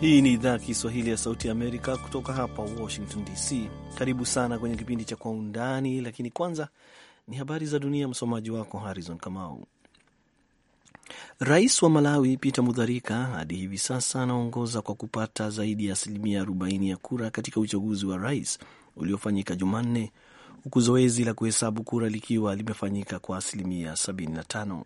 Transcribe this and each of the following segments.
Hii ni idhaa ya Kiswahili ya Sauti ya Amerika kutoka hapa Washington DC. Karibu sana kwenye kipindi cha Kwa Undani, lakini kwanza ni habari za dunia. Msomaji wako Harrison Kamau. Rais wa Malawi Peter Mutharika hadi hivi sasa anaongoza kwa kupata zaidi ya asilimia 40 ya kura katika uchaguzi wa rais uliofanyika Jumanne, huku zoezi la kuhesabu kura likiwa limefanyika kwa asilimia 75.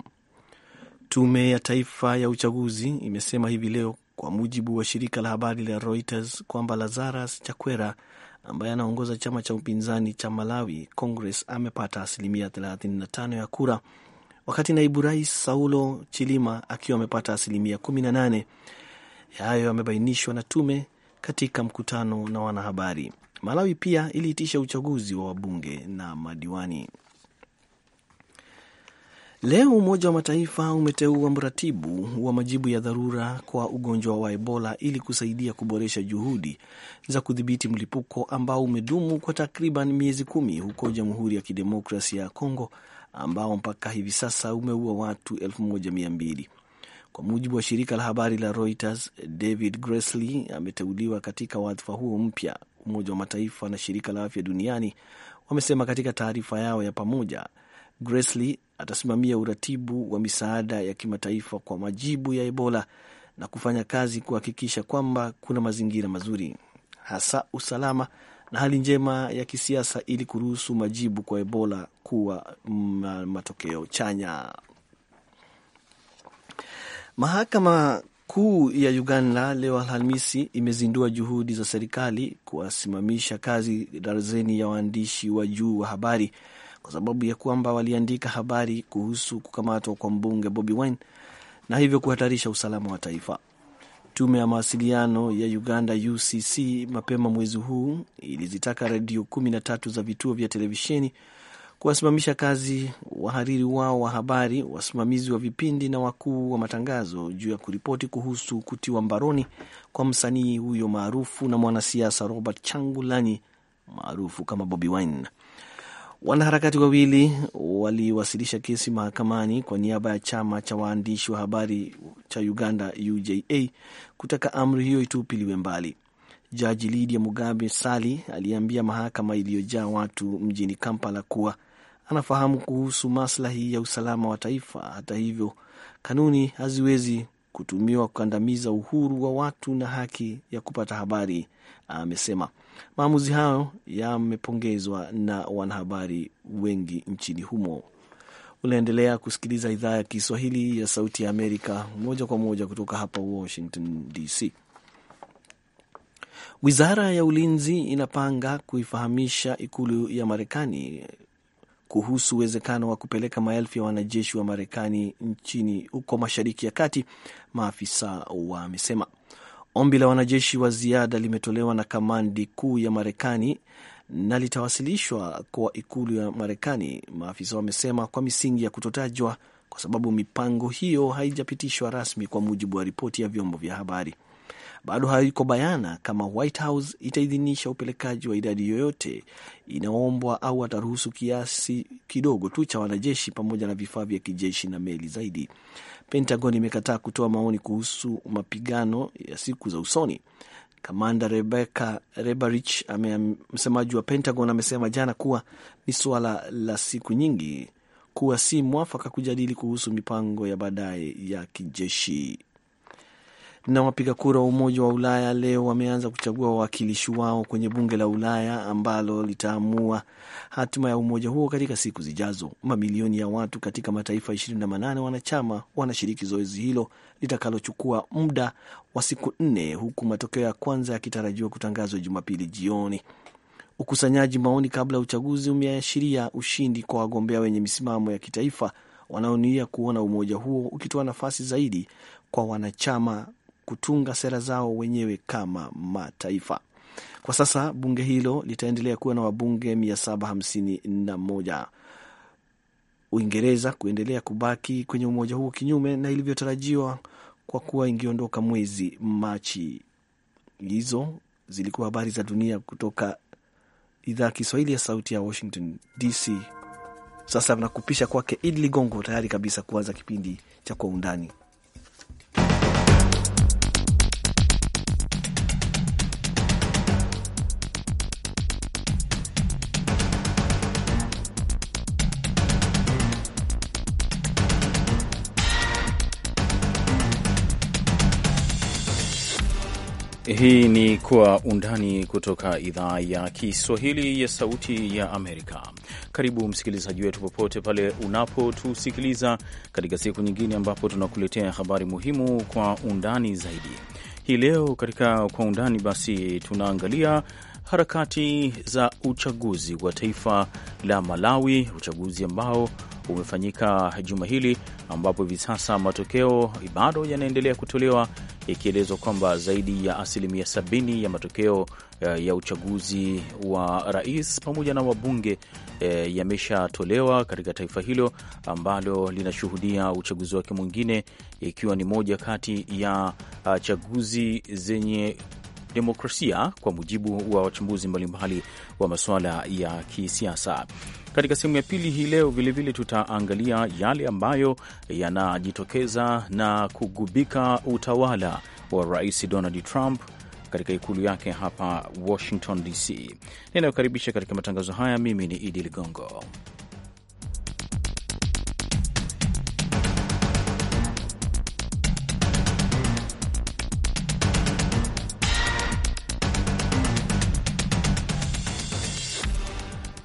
Tume ya Taifa ya Uchaguzi imesema hivi leo kwa mujibu wa shirika la habari la Reuters kwamba Lazarus Chakwera ambaye anaongoza chama cha upinzani cha Malawi Congress amepata asilimia 35 ya kura, wakati naibu rais Saulo Chilima akiwa amepata asilimia 18. Hayo yamebainishwa na tume katika mkutano na wanahabari. Malawi pia iliitisha uchaguzi wa wabunge na madiwani. Leo Umoja wa Mataifa umeteua mratibu wa majibu ya dharura kwa ugonjwa wa Ebola ili kusaidia kuboresha juhudi za kudhibiti mlipuko ambao umedumu kwa takriban miezi kumi huko Jamhuri ya Kidemokrasia ya Kongo, ambao mpaka hivi sasa umeua watu 1200 kwa mujibu wa shirika la habari la Reuters. David Gressly ameteuliwa katika wadhifa huo mpya, Umoja wa Mataifa na Shirika la Afya Duniani wamesema katika taarifa yao ya pamoja. Gressly atasimamia uratibu wa misaada ya kimataifa kwa majibu ya Ebola na kufanya kazi kuhakikisha kwamba kuna mazingira mazuri, hasa usalama na hali njema ya kisiasa ili kuruhusu majibu kwa Ebola kuwa matokeo chanya. Mahakama Kuu ya Uganda leo Alhamisi imezindua juhudi za serikali kuwasimamisha kazi darzeni ya waandishi wa juu wa habari kwa sababu ya kwamba waliandika habari kuhusu kukamatwa kwa mbunge Bobi Wine na hivyo kuhatarisha usalama wa taifa. Tume ya mawasiliano ya Uganda UCC mapema mwezi huu ilizitaka redio kumi na tatu za vituo vya televisheni kuwasimamisha kazi wahariri wao wa habari, wasimamizi wa vipindi na wakuu wa matangazo juu ya kuripoti kuhusu kutiwa mbaroni kwa msanii huyo maarufu na mwanasiasa Robert Changulanyi maarufu kama Bobi Wine. Wanaharakati wawili waliwasilisha kesi mahakamani kwa niaba ya chama cha waandishi wa habari cha Uganda, UJA, kutaka amri hiyo itupiliwe mbali. Jaji lidia Mugabe Sali aliambia mahakama iliyojaa watu mjini Kampala kuwa anafahamu kuhusu maslahi ya usalama wa taifa. Hata hivyo, kanuni haziwezi kutumiwa kukandamiza uhuru wa watu na haki ya kupata habari, amesema. Maamuzi hayo yamepongezwa na wanahabari wengi nchini humo. Unaendelea kusikiliza idhaa ya Kiswahili ya Sauti ya Amerika moja kwa moja kutoka hapa Washington DC. Wizara ya Ulinzi inapanga kuifahamisha ikulu ya Marekani kuhusu uwezekano wa kupeleka maelfu ya wanajeshi wa Marekani nchini huko Mashariki ya Kati, maafisa wamesema. Ombi la wanajeshi wa ziada limetolewa na kamandi kuu ya Marekani na litawasilishwa kwa ikulu ya Marekani, maafisa wamesema, kwa misingi ya kutotajwa, kwa sababu mipango hiyo haijapitishwa rasmi, kwa mujibu wa ripoti ya vyombo vya habari bado haiko bayana kama White House itaidhinisha upelekaji wa idadi yoyote inaombwa au ataruhusu kiasi kidogo tu cha wanajeshi pamoja na vifaa vya kijeshi na meli zaidi. Pentagon imekataa kutoa maoni kuhusu mapigano ya siku za usoni. Kamanda Rebecca Rebarich, msemaji wa Pentagon, amesema jana kuwa ni suala la siku nyingi, kuwa si mwafaka kujadili kuhusu mipango ya baadaye ya kijeshi. Na wapiga kura wa Umoja wa Ulaya leo wameanza kuchagua wawakilishi wao kwenye bunge la Ulaya ambalo litaamua hatima ya umoja huo katika siku zijazo. Mamilioni ya watu katika mataifa 28 wanachama wanashiriki zoezi hilo litakalochukua muda wa siku nne, huku matokeo ya kwanza yakitarajiwa kutangazwa Jumapili jioni. Ukusanyaji maoni kabla ya uchaguzi umeashiria ushindi kwa wagombea wenye misimamo ya kitaifa wanaonuia kuona umoja huo ukitoa nafasi zaidi kwa wanachama kutunga sera zao wenyewe kama mataifa. Kwa sasa bunge hilo litaendelea kuwa na wabunge 751. Uingereza kuendelea kubaki kwenye umoja huo kinyume na ilivyotarajiwa kwa kuwa ingeondoka mwezi Machi. Hizo zilikuwa habari za dunia kutoka idhaa ya Kiswahili ya Sauti ya Washington DC. Sasa nakupisha kwake Idi Ligongo, tayari kabisa kuanza kipindi cha Kwa Undani. Hii ni Kwa Undani kutoka idhaa ya Kiswahili ya Sauti ya Amerika. Karibu msikilizaji wetu popote pale unapotusikiliza katika siku nyingine ambapo tunakuletea habari muhimu kwa undani zaidi. Hii leo katika Kwa Undani basi tunaangalia harakati za uchaguzi wa taifa la Malawi, uchaguzi ambao umefanyika juma hili, ambapo hivi sasa matokeo bado yanaendelea kutolewa ikielezwa kwamba zaidi ya asilimia sabini ya matokeo eh, ya uchaguzi wa rais pamoja na wabunge eh, yameshatolewa katika taifa hilo ambalo linashuhudia uchaguzi wake mwingine, ikiwa ni moja kati ya ah, chaguzi zenye demokrasia kwa mujibu wa wachambuzi mbalimbali wa masuala ya kisiasa. Katika sehemu ya pili hii leo vilevile tutaangalia yale ambayo yanajitokeza na kugubika utawala wa Rais Donald Trump katika ikulu yake hapa Washington DC. Ninayokaribisha katika matangazo haya, mimi ni Idi Ligongo.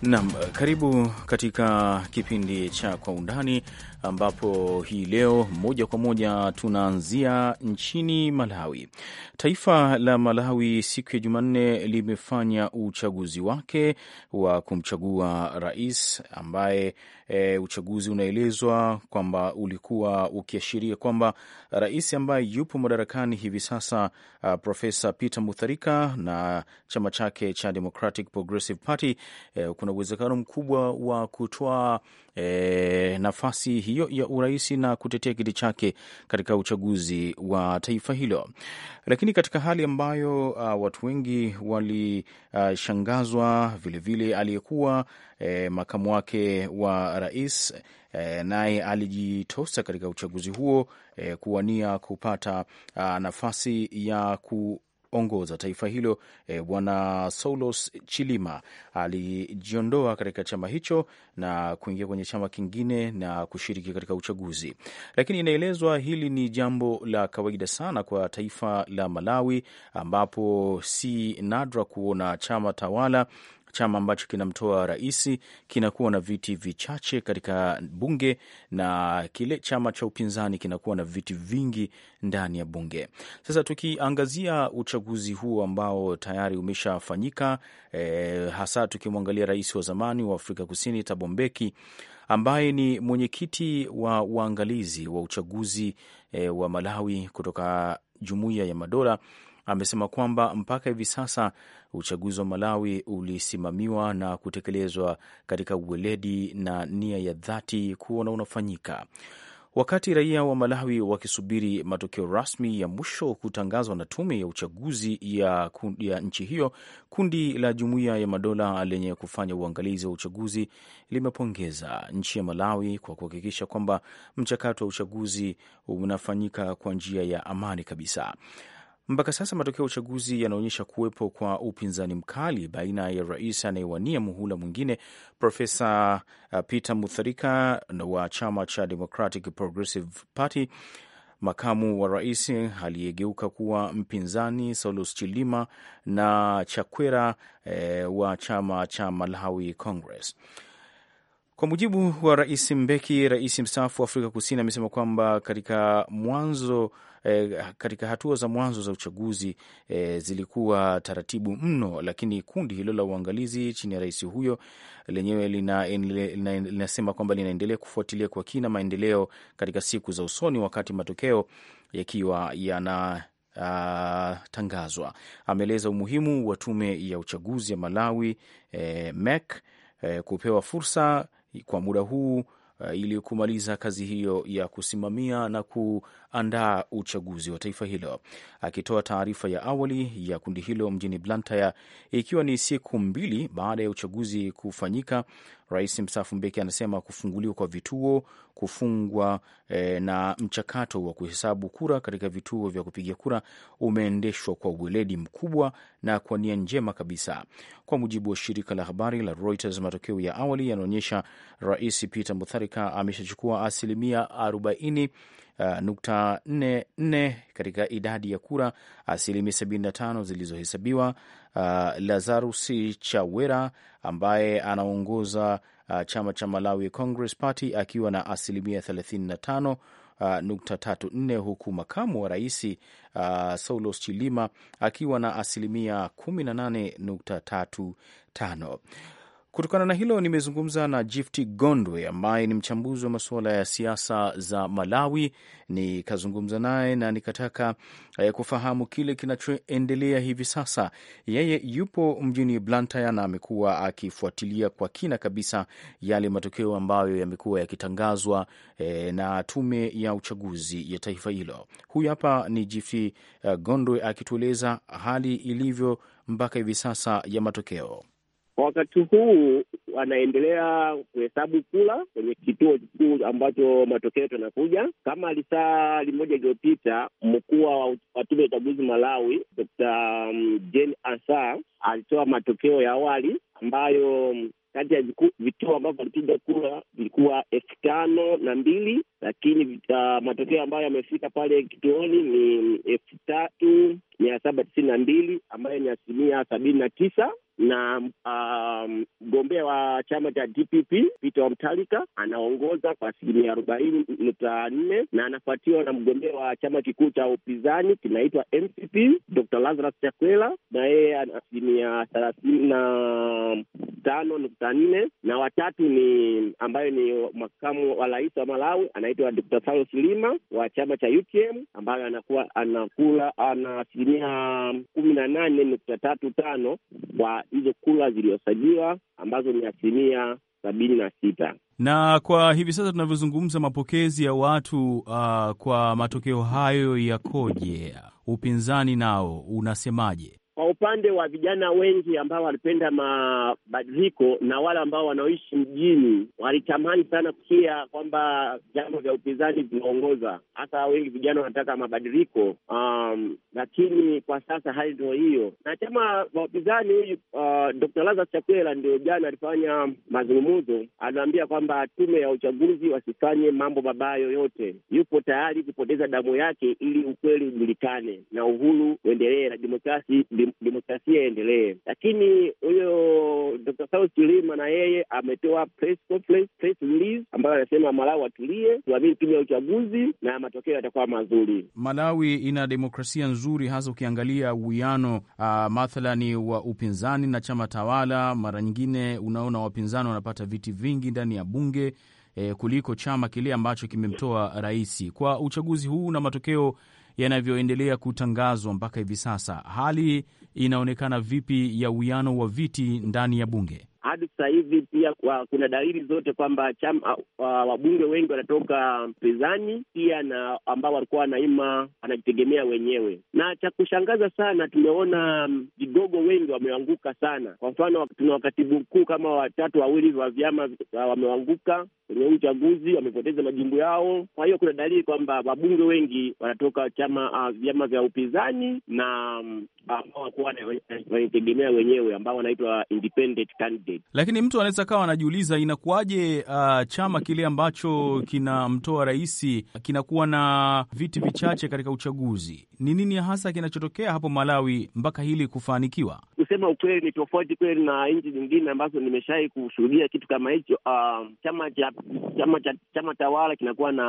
nam karibu katika kipindi cha Kwa Undani, ambapo hii leo moja kwa moja tunaanzia nchini Malawi. Taifa la Malawi siku ya Jumanne limefanya uchaguzi wake wa kumchagua rais ambaye e, uchaguzi unaelezwa kwamba ulikuwa ukiashiria kwamba rais ambaye yupo madarakani hivi sasa uh, Profesa Peter Mutharika na chama chake cha Democratic Progressive Party e, kuna uwezekano mkubwa wa kutoa e, nafasi hiyo ya urais na kutetea kiti chake katika uchaguzi wa taifa hilo. Lakini katika hali ambayo uh, watu wengi walishangazwa uh, vilevile aliyekuwa e, makamu wake wa rais e, naye alijitosa katika uchaguzi huo e, kuwania kupata uh, nafasi ya ku ongoza taifa hilo e, bwana Saulos Chilima alijiondoa katika chama hicho na kuingia kwenye chama kingine na kushiriki katika uchaguzi. Lakini inaelezwa hili ni jambo la kawaida sana kwa taifa la Malawi, ambapo si nadra kuona chama tawala chama ambacho kinamtoa rais kinakuwa na viti vichache katika bunge na kile chama cha upinzani kinakuwa na viti vingi ndani ya bunge. Sasa tukiangazia uchaguzi huu ambao tayari umeshafanyika, e, hasa tukimwangalia rais wa zamani wa Afrika Kusini Thabo Mbeki ambaye ni mwenyekiti wa uangalizi wa uchaguzi e, wa Malawi kutoka Jumuiya ya Madola amesema kwamba mpaka hivi sasa uchaguzi wa Malawi ulisimamiwa na kutekelezwa katika uweledi na nia ya dhati kuona unafanyika. Wakati raia wa Malawi wakisubiri matokeo rasmi ya mwisho kutangazwa na tume ya uchaguzi ya, ya nchi hiyo, kundi la Jumuiya ya Madola lenye kufanya uangalizi wa uchaguzi limepongeza nchi ya Malawi kwa kuhakikisha kwamba mchakato wa uchaguzi unafanyika kwa njia ya amani kabisa. Mpaka sasa matokeo ya uchaguzi yanaonyesha kuwepo kwa upinzani mkali baina ya rais anayewania muhula mwingine Profesa uh, Peter Mutharika wa chama cha Democratic Progressive Party, makamu wa rais aliyegeuka kuwa mpinzani Saulus Chilima na Chakwera e, wa chama cha Malawi Congress. Kwa mujibu wa Rais Mbeki, rais mstaafu wa Afrika Kusini, amesema kwamba katika mwanzo eh, katika hatua za mwanzo za uchaguzi eh, zilikuwa taratibu mno, lakini kundi hilo la uangalizi chini ya rais huyo lenyewe linasema lina, lina kwamba linaendelea kufuatilia kwa kina maendeleo katika siku za usoni, wakati matokeo yakiwa yana Uh, tangazwa. Ameeleza umuhimu wa tume ya uchaguzi ya Malawi eh, MEC eh, kupewa fursa kwa muda huu uh, ili kumaliza kazi hiyo ya kusimamia na kuandaa uchaguzi wa taifa hilo. Akitoa taarifa ya awali ya kundi hilo mjini Blantyre, ikiwa ni siku mbili baada ya uchaguzi kufanyika, Rais mstaafu Mbeki anasema kufunguliwa kwa vituo, kufungwa e, na mchakato wa kuhesabu kura katika vituo vya kupiga kura umeendeshwa kwa uweledi mkubwa na kwa nia njema kabisa. Kwa mujibu wa shirika la habari la Reuters, matokeo ya awali yanaonyesha Rais Peter Mutharika ameshachukua asilimia arobaini uh, nukta nne nne katika idadi ya kura asilimia 75 zilizohesabiwa. Uh, Lazarus Chawera ambaye anaongoza uh, chama cha Malawi Congress Party akiwa na asilimia 35 Uh, nukta tatu nne huku makamu wa rais uh, Saulos Chilima akiwa na asilimia kumi na nane nukta tatu tano. Kutokana na hilo, nimezungumza na Gift Gondwe ambaye ni mchambuzi wa masuala ya siasa za Malawi, nikazungumza naye na nikataka eh, kufahamu kile kinachoendelea hivi sasa. Yeye yupo mjini Blantyre na amekuwa akifuatilia kwa kina kabisa yale matokeo ambayo yamekuwa yakitangazwa eh, na tume ya uchaguzi ya taifa hilo. Huyu hapa ni Gift eh, Gondwe akitueleza hali ilivyo mpaka hivi sasa ya matokeo. Kwa wakati huu anaendelea kuhesabu kula kwenye kituo kikuu ambacho matokeo tunakuja Kama lisaa limoja iliyopita, mkuu wa tume ya uchaguzi Malawi, Dr. Mm, Jane asa alitoa matokeo ya awali ambayo mm, kati ya vituo ambavyo walipiga kura vilikuwa elfu tano na mbili lakini uh, matokeo ambayo yamefika pale kituoni ni mm, elfu tatu mia saba tisini na mbili ambayo ni asilimia sabini na tisa na ah, mgombea um, wa chama cha DPP Peter Wamtalika anaongoza kwa asilimia arobaini nukta nne na anafuatiwa na mgombea wa chama kikuu cha upinzani kinaitwa MCP Dr Lazarus Chakwera na yeye ana asilimia thelathini na tano nukta nne na watatu ni ambayo ni makamu wa rais wa Malawi anaitwa Dr Salos Lima wa chama cha UTM ambayo anakuwa anakula ana asilimia kumi na nane nukta tatu tano kwa hizo kura zilizosajiwa ambazo ni asilimia sabini na sita na kwa hivi sasa tunavyozungumza, mapokezi ya watu uh, kwa matokeo hayo yakoje? Upinzani nao unasemaje? Kwa upande wa vijana wengi ambao walipenda mabadiliko na wale ambao wanaoishi mjini, walitamani sana kusikia kwamba vyama vya upinzani vinaongoza, hasa wengi vijana wanataka mabadiliko. Um, lakini kwa sasa hali ndio hiyo, na chama vya upinzani huyu uh, Dr. Lazarus Chakwera ndio jana alifanya mazungumuzo, anaambia kwamba tume ya uchaguzi wasifanye mambo mabaya yoyote, yupo tayari kupoteza damu yake ili ukweli ujulikane na uhuru uendelee na demokrasi demokrasia iendelee. Lakini huyo Dr. Saul Chilima na yeye ametoa press conference, press release ambayo anasema Malawi watulie, tuamini tume ya uchaguzi na matokeo yatakuwa mazuri. Malawi ina demokrasia nzuri, hasa ukiangalia uwiano uh, ah, mathalani wa upinzani na chama tawala. Mara nyingine unaona wapinzani wanapata viti vingi ndani ya bunge E, kuliko chama kile ambacho kimemtoa rais. Kwa uchaguzi huu na matokeo yanavyoendelea kutangazwa mpaka hivi sasa, hali inaonekana vipi ya uwiano wa viti ndani ya bunge? hadi sasa hivi pia kwa, kuna dalili zote kwamba chama uh, uh wabunge wengi wanatoka mpinzani pia na ambao walikuwa wanaima wanajitegemea wenyewe, na cha kushangaza sana tumeona um, vigogo wengi wameanguka sana. Kwa mfano tuna wakatibu mkuu kama watatu wawili wa vyama uh, wameanguka kwenye uchaguzi, wamepoteza majimbo yao. Kwa hiyo kuna dalili kwamba wabunge wengi wanatoka chama uh, vyama vya upinzani na um, ambao wanajitegemea wenyewe ambao wanaitwa independent candidate. Lakini mtu anaweza kawa anajiuliza inakuwaje, uh, chama kile ambacho kinamtoa rais kinakuwa na viti vichache katika uchaguzi? Ni nini hasa kinachotokea hapo Malawi mpaka hili kufanikiwa? Kusema ukweli, ni tofauti kweli na nchi zingine ambazo nimeshawahi kushuhudia kitu kama hicho. Uh, chama cha chama cha chama tawala kinakuwa na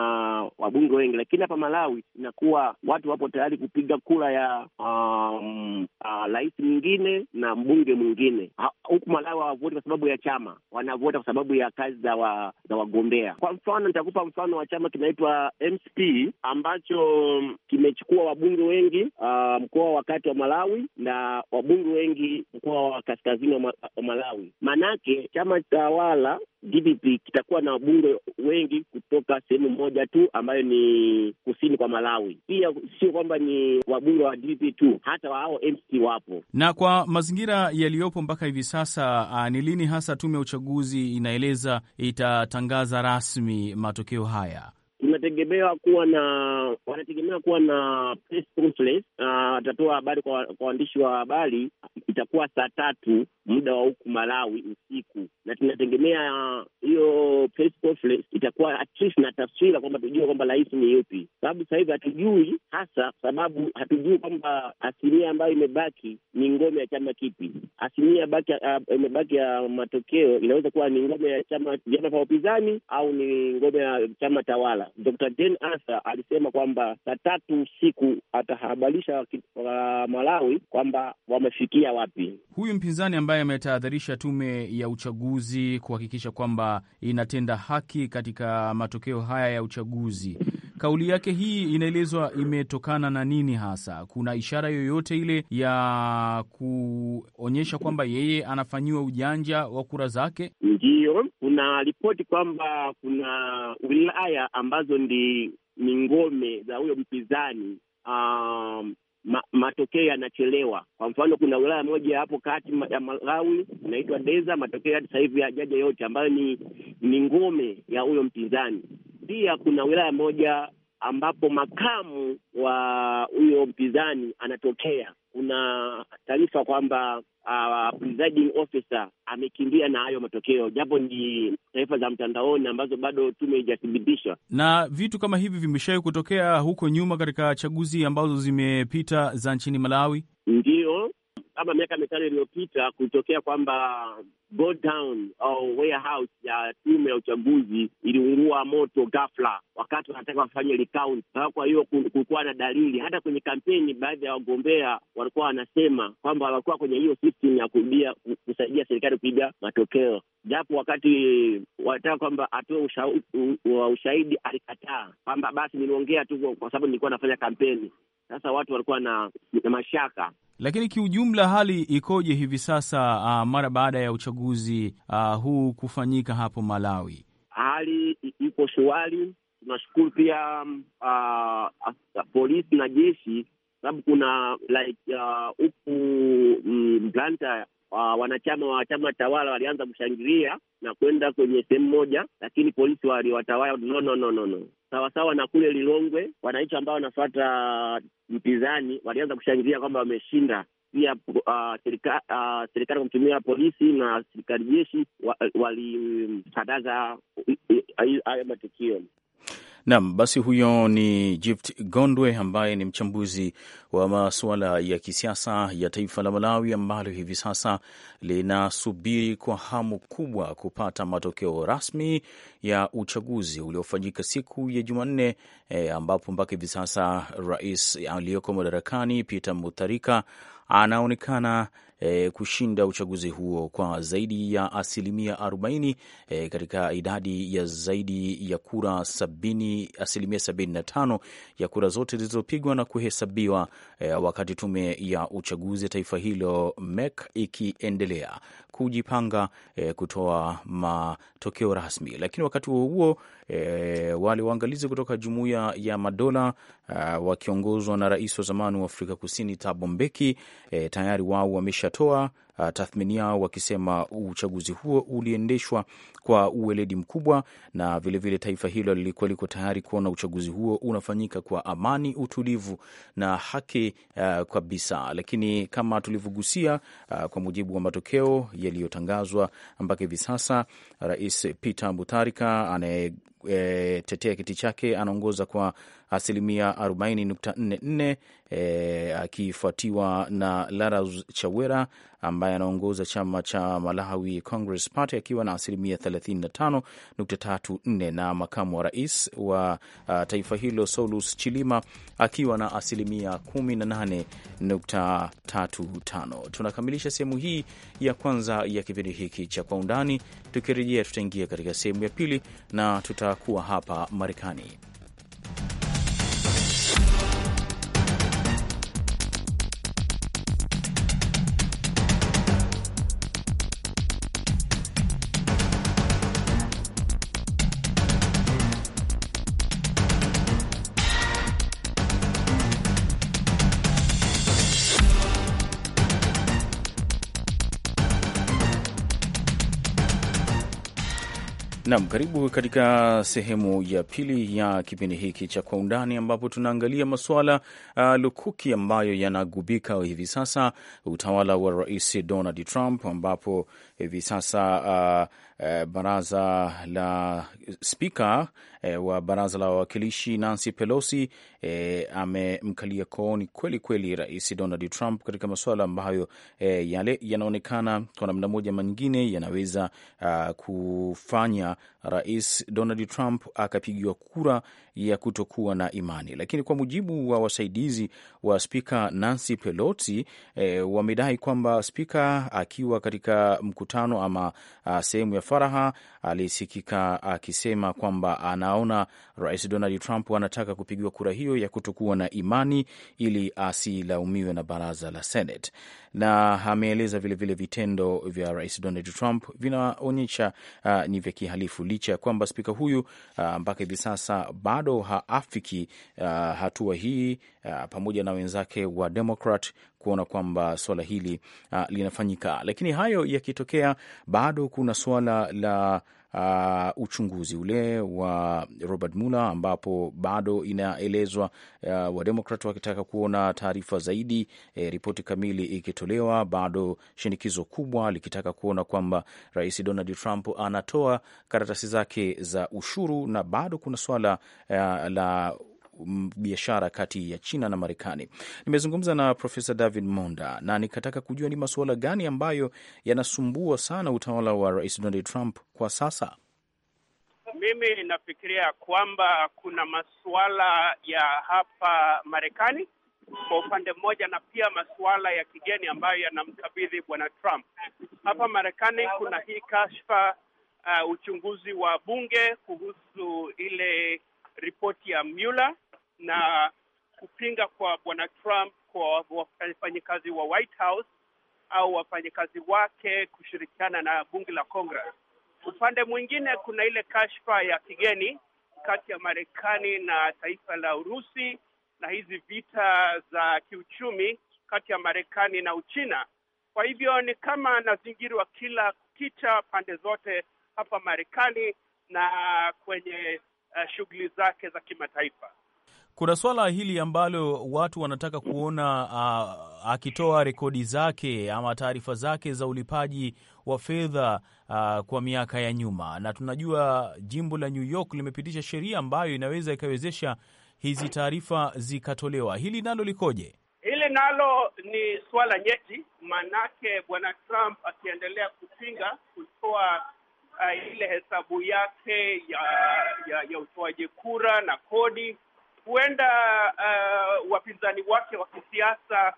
wabunge wengi, lakini hapa Malawi inakuwa watu wapo tayari kupiga kura ya um, Um, uh, rais uh, mwingine na mbunge mwingine. Huku Malawi hawavoti kwa sababu ya chama, wanavota kwa sababu ya kazi za wa, za wagombea. Kwa mfano, nitakupa mfano wa chama kinaitwa MSP ambacho um, kimechukua wabunge wengi uh, mkoa wa kati wa Malawi na wabunge wengi mkoa wa kaskazini wa Malawi. manake chama tawala DPP kitakuwa na wabunge wengi kutoka sehemu moja tu ambayo ni kusini kwa Malawi. Pia sio kwamba ni wabunge wa DPP tu, hata wao MC wapo. Na kwa mazingira yaliyopo mpaka hivi sasa, ah, ni lini hasa tume ya uchaguzi inaeleza itatangaza rasmi matokeo haya? wanategemewa kuwa na wanategemewa kuwa na press conference atatoa uh, habari kwa, kwa waandishi wa habari itakuwa saa tatu muda wa huku Malawi usiku, na tunategemea hiyo press conference itakuwa at least na taswira kwamba tujue kwamba rais ni yupi, sababu sasa hivi hatujui hasa, sababu hatujui kwamba asilimia ambayo imebaki ni ngome ya chama kipi, asilimia imebaki ya matokeo inaweza kuwa ni ngome ya chama vyama vya upinzani au ni ngome ya chama tawala. Dr. Jane Arthur alisema kwamba saa tatu usiku atahabarisha wa uh, Malawi kwamba wamefikia wapi. Huyu mpinzani ambaye ametahadharisha tume ya uchaguzi kuhakikisha kwamba inatenda haki katika matokeo haya ya uchaguzi, kauli yake hii inaelezwa imetokana na nini hasa? Kuna ishara yoyote ile ya kuonyesha kwamba yeye anafanyiwa ujanja wa kura zake? Ndiyo, kuna ripoti kwamba kuna wilaya ambazo ambazo ndi ni ngome za huyo mpinzani um, ma, matokeo yanachelewa. Kwa mfano, kuna wilaya moja hapo kati ya Malawi inaitwa Deza, matokeo hadi sasa hivi hajaja yote, ambayo ni ni ngome ya huyo mpinzani. Pia kuna wilaya moja ambapo makamu wa huyo mpinzani anatokea kuna taarifa kwamba uh, presiding officer amekimbia na hayo matokeo, japo ni taarifa za mtandaoni ambazo bado tume ijathibitishwa Na vitu kama hivi vimeshawahi kutokea huko nyuma katika chaguzi ambazo zimepita za nchini Malawi. Ndiyo, kama miaka mitano iliyopita kulitokea kwamba godown au warehouse ya timu ya uchaguzi iliungua moto ghafla wakati wanataka wafanye recount. Kwa hiyo kulikuwa na dalili, hata kwenye kampeni baadhi ya wagombea walikuwa wanasema kwamba walikuwa kwenye hiyo system ya kuibia, kusaidia serikali kuiba matokeo, japo wakati wanataka kwamba atoe ushahidi alikataa kwamba basi niliongea tu kwa sababu nilikuwa nafanya kampeni. Sasa watu walikuwa na, na mashaka lakini kiujumla hali ikoje hivi sasa, uh, mara baada ya uchaguzi uh, huu kufanyika hapo Malawi? Hali iko shwari, tunashukuru pia uh, polisi na jeshi, sababu kuna like huku uh, um, mm, Mlanta wa wanachama wa chama tawala walianza kushangilia na kwenda kwenye sehemu moja, lakini polisi waliwatawala no, no, no, no, no. Sawasawa na kule Lilongwe, wananchi ambao wanafuata mpinzani walianza kushangilia kwamba wameshinda. Pia uh, uh serikali uh, kwa kutumia polisi na serikali jeshi walitangaza uh, uh, haya matukio. Nam, basi huyo ni Gift Gondwe ambaye ni mchambuzi wa masuala ya kisiasa ya taifa la Malawi ambalo hivi sasa linasubiri kwa hamu kubwa kupata matokeo rasmi ya uchaguzi uliofanyika siku ya Jumanne e, ambapo mpaka hivi sasa rais aliyoko madarakani Peter Mutharika anaonekana e, kushinda uchaguzi huo kwa zaidi ya asilimia 40 e, katika idadi ya zaidi ya kura sabini, asilimia 75 ya kura zote zilizopigwa na kuhesabiwa e, wakati tume ya uchaguzi ya taifa hilo MEC ikiendelea kujipanga e, kutoa matokeo rasmi. Lakini wakati huo huo e, wale waangalizi kutoka Jumuiya ya Madola e, wakiongozwa na rais wa zamani wa Afrika Kusini Thabo Mbeki e, tayari wao wamesha ameshatoa uh, tathmini yao wakisema uchaguzi huo uliendeshwa kwa uweledi mkubwa, na vilevile vile taifa hilo lilikuwa liko tayari kuona uchaguzi huo unafanyika kwa amani, utulivu na haki uh, kabisa. Lakini kama tulivyogusia, uh, kwa mujibu wa matokeo yaliyotangazwa mpaka hivi sasa, Rais Peter Mutharika anayetetea E, kiti chake anaongoza kwa asilimia 40.44, e, eh, akifuatiwa na Lazarus chawera ambaye anaongoza chama cha Malawi Congress Party akiwa na asilimia 35.34 na makamu wa rais wa uh, taifa hilo Saulus Chilima akiwa na asilimia 18.35. Tunakamilisha sehemu hii ya kwanza ya kipindi hiki cha Kwa Undani. Tukirejea tutaingia katika sehemu ya pili na tutakuwa hapa Marekani. Nam, karibu katika sehemu ya pili ya kipindi hiki cha Kwa Undani, ambapo tunaangalia masuala uh, lukuki ambayo yanagubika hivi sasa utawala wa Rais Donald Trump, ambapo hivi sasa uh, uh, baraza la spika uh, wa baraza la wawakilishi Nancy Pelosi uh, amemkalia kooni kweli kweli Rais Donald Trump katika masuala ambayo uh, yale yanaonekana kwa namna moja manyingine yanaweza uh, kufanya Rais Donald Trump akapigiwa kura ya kutokuwa na imani. Lakini kwa mujibu wa wasaidizi wa spika Nancy Pelosi e, wamedai kwamba spika akiwa katika mkutano ama ah, sehemu ya faraha alisikika akisema kwamba anaona Rais Donald Trump anataka kupigiwa kura hiyo ya kutokuwa na imani ili asilaumiwe na baraza la Senate, na ameeleza vilevile vitendo vya Rais Donald Trump vinaonyesha ah, ni vya kihalifu licha ya kwamba spika huyu ah, mpaka hivi sasa bado haafiki ah, hatua hii, ah, pamoja na wenzake wa Democrat kuona kwamba swala hili linafanyika. Lakini hayo yakitokea, bado kuna suala la uh, uchunguzi ule wa Robert Mueller, ambapo bado inaelezwa uh, wademokrat wakitaka kuona taarifa zaidi, eh, ripoti kamili ikitolewa, bado shinikizo kubwa likitaka kuona kwamba Rais Donald Trump anatoa karatasi zake za ushuru, na bado kuna swala uh, la biashara kati ya China na Marekani. Nimezungumza na Profesa David Monda na nikataka kujua ni masuala gani ambayo yanasumbua sana utawala wa Rais Donald Trump kwa sasa. Mimi nafikiria kwamba kuna masuala ya hapa Marekani kwa upande mmoja na pia masuala ya kigeni ambayo yanamkabidhi bwana Trump. Hapa Marekani kuna hii kashfa uh, uchunguzi wa bunge kuhusu ile ripoti ya Mueller na kupinga kwa bwana Trump kwa wafanyakazi wa White House au wafanyakazi wake kushirikiana na bunge la Congress. Upande mwingine, kuna ile kashfa ya kigeni kati ya Marekani na taifa la Urusi na hizi vita za kiuchumi kati ya Marekani na Uchina. Kwa hivyo ni kama anazingirwa kila kicha pande zote hapa Marekani na kwenye uh, shughuli zake za kimataifa kuna swala hili ambalo watu wanataka kuona uh, akitoa rekodi zake ama taarifa zake za ulipaji wa fedha uh, kwa miaka ya nyuma, na tunajua jimbo la New York limepitisha sheria ambayo inaweza ikawezesha hizi taarifa zikatolewa. Hili nalo likoje? Hili nalo ni swala nyeti, maanake bwana Trump akiendelea kupinga kutoa uh, ile hesabu yake ya, ya, ya utoaji kura na kodi huenda uh, wapinzani wake wa kisiasa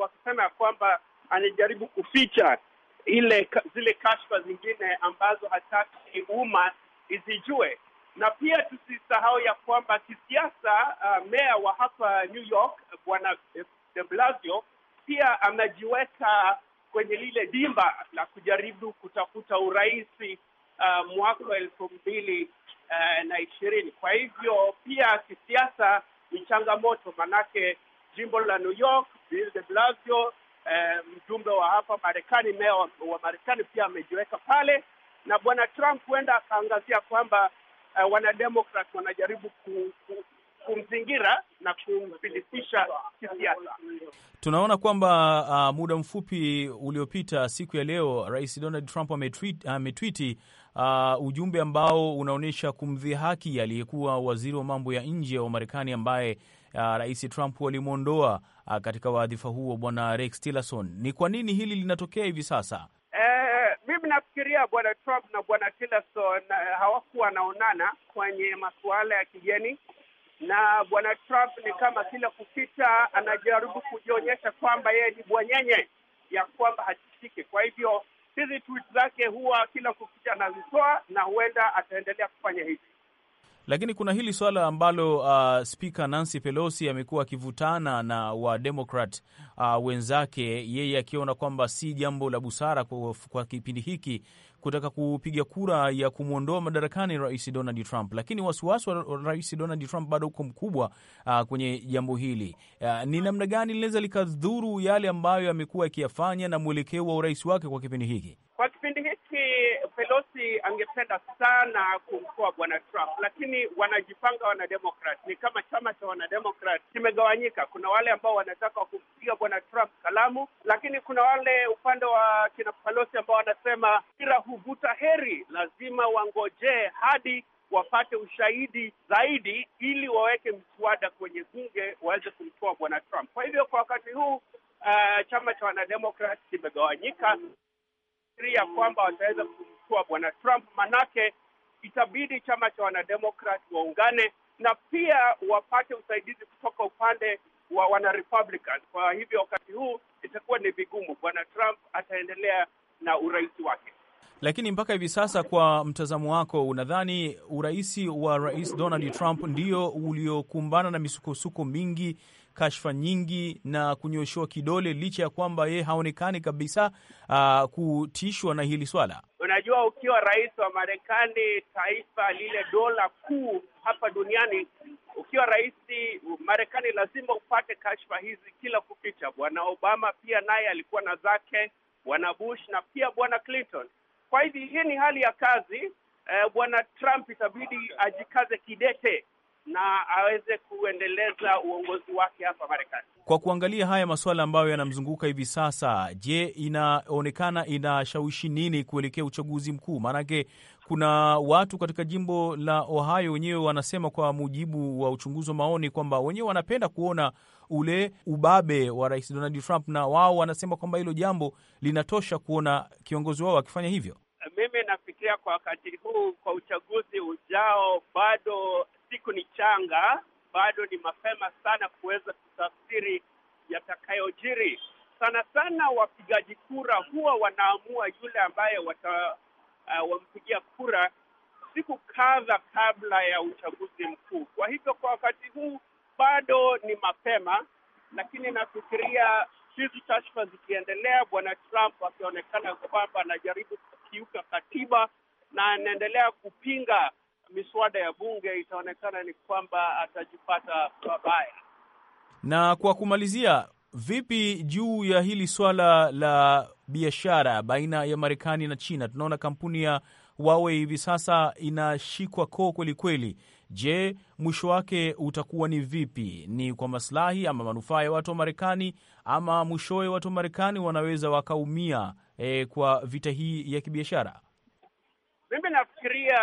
wakisema ya kwamba anajaribu kuficha ile zile kashfa zingine ambazo hataki umma izijue, na pia tusisahau ya kwamba kisiasa, uh, meya wa hapa New York bwana de Blasio pia anajiweka kwenye lile dimba la kujaribu kutafuta urahisi uh, mwaka wa elfu mbili uh, na ishirini. Kwa hivyo pia kisiasa ni changamoto, manake jimbo la New York Bill de Blasio uh, mjumbe wa hapa Marekani, meya wa, Marekani pia amejiweka pale, na bwana Trump huenda akaangazia kwamba uh, wanademokrat wanajaribu ku, ku, kumzingira na kumfilisisha kisiasa. Tunaona kwamba uh, muda mfupi uliopita siku ya leo Rais Donald Trump ametwiti uh, ujumbe ambao unaonyesha kumdhihaki aliyekuwa waziri wa mambo ya nje wa Marekani ambaye uh, Rais Trump walimwondoa uh, ah, katika wadhifa huo, Bwana Rex Tillerson. Ni kwa nini hili linatokea hivi sasa? Eh, mimi nafikiria Bwana Trump na Bwana Tillerson uh, hawakuwa wanaonana kwenye masuala ya kigeni na Bwana Trump ni kama kila kupita anajaribu kujionyesha kwamba yeye ni bwanyenye ya kwamba hachishiki. Kwa hivyo hizi tweet zake huwa kila kukicha anazitoa na huenda ataendelea kufanya hivi. Lakini kuna hili swala ambalo uh, Spika Nancy Pelosi amekuwa akivutana na Wademokrat uh, wenzake, yeye akiona kwamba si jambo la busara kwa, kwa kipindi hiki kutaka kupiga kura ya kumwondoa madarakani Rais Donald Trump, lakini wasiwasi wa Rais Donald Trump bado uko mkubwa uh, kwenye jambo hili uh, ni namna gani linaweza likadhuru yale ambayo amekuwa akiyafanya na mwelekeo wa urais wake kwa kipindi hiki kwa kipindi hiki Maanake Pelosi angependa sana kumkoa bwana Trump, lakini wanajipanga wanademokrat. Ni kama chama cha wanademokrat kimegawanyika. Kuna wale ambao wanataka kumpiga bwana Trump kalamu, lakini kuna wale upande wa kina Pelosi ambao wanasema kila huvuta heri, lazima wangojee hadi wapate ushahidi zaidi ili waweke mswada kwenye bunge waweze kumtoa bwana Trump. Kwa hivyo kwa wakati huu uh, chama cha wanademokrat kimegawanyika ya kwamba wataweza kumchukua bwana Trump, manake itabidi chama cha wanademokrat waungane na pia wapate usaidizi kutoka upande wa wanarepublican. Kwa hivyo wakati huu itakuwa ni vigumu, bwana Trump ataendelea na urais wake. Lakini mpaka hivi sasa, kwa mtazamo wako, unadhani urais wa rais Donald Trump ndio uliokumbana na misukosuko mingi kashfa nyingi na kunyoshewa kidole, licha ya kwamba yeye haonekani kabisa uh, kutishwa na hili swala. Unajua, ukiwa rais wa Marekani, taifa lile dola kuu hapa duniani, ukiwa rais Marekani lazima upate kashfa hizi kila kukicha. Bwana Obama pia naye alikuwa na zake, bwana Bush na pia bwana Clinton. Kwa hivyo hii ni hali ya kazi. Eh, bwana Trump itabidi ajikaze kidete na aweze kuendeleza uongozi wake hapa Marekani. Kwa kuangalia haya masuala ambayo yanamzunguka hivi sasa, je, inaonekana inashawishi nini kuelekea uchaguzi mkuu? Maanake kuna watu katika jimbo la Ohio wenyewe wanasema kwa mujibu wa uchunguzi wa maoni kwamba wenyewe wanapenda kuona ule ubabe wa Rais Donald Trump, na wao wanasema kwamba hilo jambo linatosha kuona kiongozi wao akifanya hivyo. Mimi nafikiria kwa wakati huu, kwa uchaguzi ujao, bado siku ni changa, bado ni mapema sana kuweza kutafsiri yatakayojiri. Sana sana wapigaji kura huwa wanaamua yule ambaye wata uh, wampigia kura siku kadha kabla ya uchaguzi mkuu. Kwa hivyo kwa wakati huu bado ni mapema, lakini nafikiria hizi tashfa zikiendelea, bwana Trump akionekana kwamba anajaribu kukiuka katiba na anaendelea kupinga miswada ya bunge itaonekana ni kwamba atajipata babaya Na kwa kumalizia, vipi juu ya hili swala la biashara baina ya Marekani na China? Tunaona kampuni ya Huawei hivi sasa inashikwa koo kweli kweli. Je, mwisho wake utakuwa ni vipi? Ni kwa masilahi ama manufaa ya watu wa Marekani, ama mwishowe watu wa Marekani wanaweza wakaumia eh, kwa vita hii ya kibiashara? Mimi nafikiria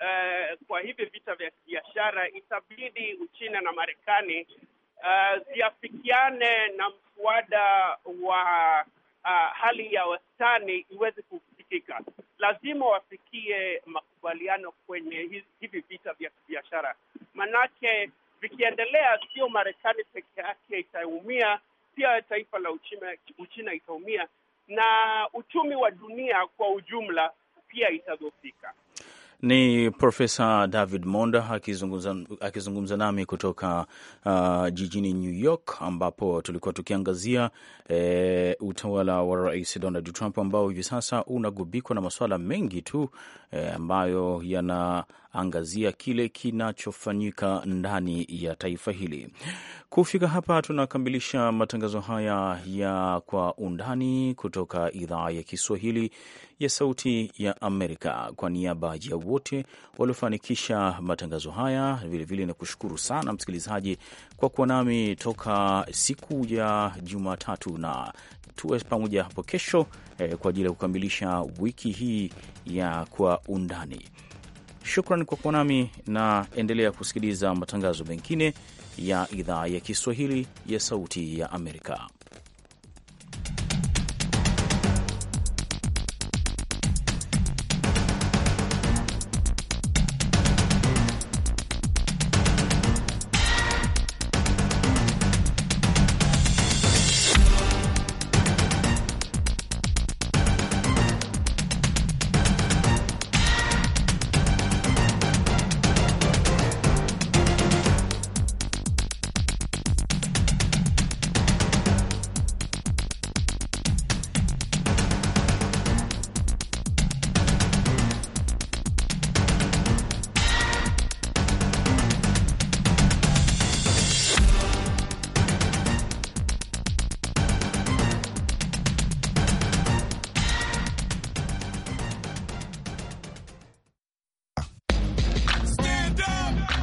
uh, kwa hivi vita vya kibiashara itabidi Uchina na Marekani uh, ziafikiane na mswada wa uh, hali ya wastani iweze kufikika. Lazima wafikie makubaliano kwenye hivi vita vya kibiashara, manake vikiendelea, sio Marekani peke yake itaumia, pia taifa la Uchina, Uchina itaumia na uchumi wa dunia kwa ujumla pia itadhofika. Ni Profesa David Monda akizungumza, akizungumza nami kutoka uh, jijini New York ambapo tulikuwa tukiangazia e, utawala wa Rais Donald Trump ambao hivi sasa unagubikwa na masuala mengi tu e, ambayo yana angazia kile kinachofanyika ndani ya taifa hili. Kufika hapa, tunakamilisha matangazo haya ya Kwa Undani kutoka idhaa ya Kiswahili ya Sauti ya Amerika. Kwa niaba ya wote waliofanikisha matangazo haya, vilevile kushukuru sana msikilizaji kwa kuwa nami toka siku ya Jumatatu na tuwe pamoja hapo kesho eh, kwa ajili ya kukamilisha wiki hii ya Kwa Undani. Shukran kwa kuwa nami na endelea kusikiliza matangazo mengine ya idhaa ya Kiswahili ya Sauti ya Amerika.